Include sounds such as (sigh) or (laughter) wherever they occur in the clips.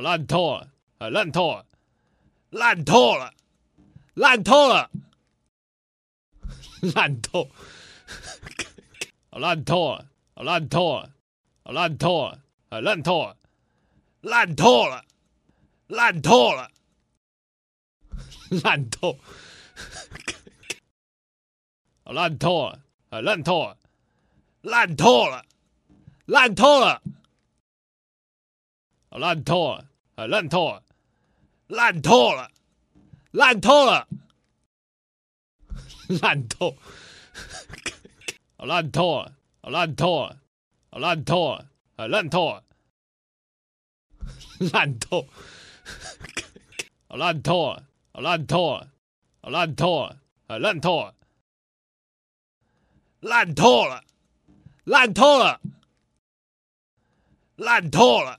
爛透了！啊，爛透了！爛透了！爛透了！爛透！啊，爛透了！啊，爛透了！啊，爛透了！啊，爛透了！爛透了！爛透了！爛透了！啊，爛透了！爛透了！爛透了！爛透了！啊，爛透了！爛透了！爛透了！爛透！啊，爛透了！啊，爛透了！啊，爛透了！啊，爛透！爛透！啊，爛透！啊，爛透！啊，爛透！爛透了！爛透了！爛透了！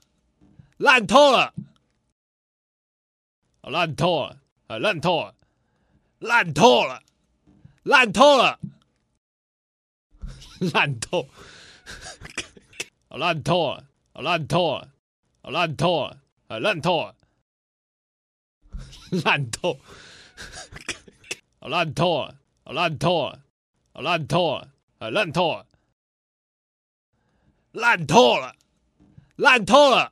爛透了！啊爛透了！啊爛透了！爛透了！爛透了！爛透！啊爛透了！啊爛透了！啊爛透了！啊爛透！爛透！啊爛透了！啊爛透了！啊爛透了！啊爛透了！爛透了！爛透了！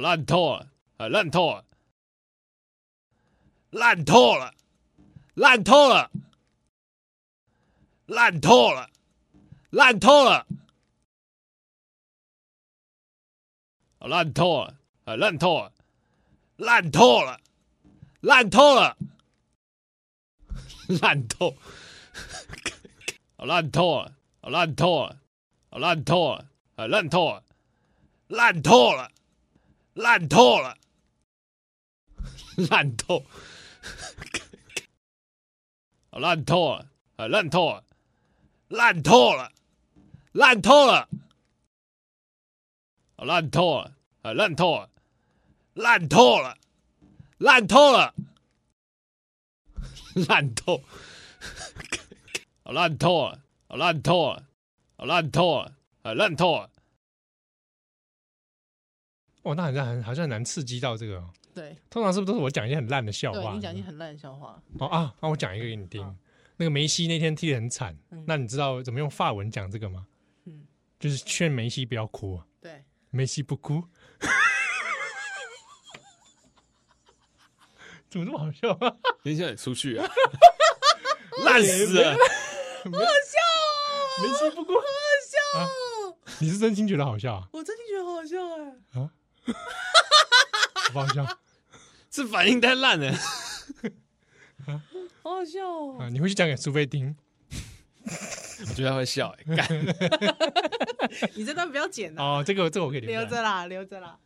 爛透了！啊，爛透了！爛透了！爛透了！爛透了！爛透了！爛透了！啊，爛透了！啊，爛透了！爛透了！爛透了！爛透！啊，爛透了！啊，爛透了！啊，爛透了！啊，爛透了！爛透了！爛透了，爛透，爛透了，啊爛透了，爛透了，爛透了，爛透了，啊爛透了，啊爛透了，爛透了，爛透了，爛透，啊爛透了，啊爛透了，啊爛透了，啊爛透了。哦，那好像很好像很難刺激到這個哦。對，通常是不是都是我講一些很爛的笑話？你講一些很爛的笑話。哦啊，那我講一個給你聽。那個梅西那天踢得很慘，那你知道怎麼用法文講這個嗎？就是勸梅西不要哭。對，梅西不哭，怎麼這麼好笑？你現在出去啊？爛死了！好好笑梅西不哭，好好笑。你是真心覺得好笑啊？ (laughs) 好不好笑？ (laughs) 這反應太爛了。 (laughs) 啊，好好笑哦！啊，你會去講給蘇菲聽？ (laughs) 我覺得他會笑，欸， (laughs) (laughs) 你這段不要剪的哦，這個這個我給你留着啦，留着啦。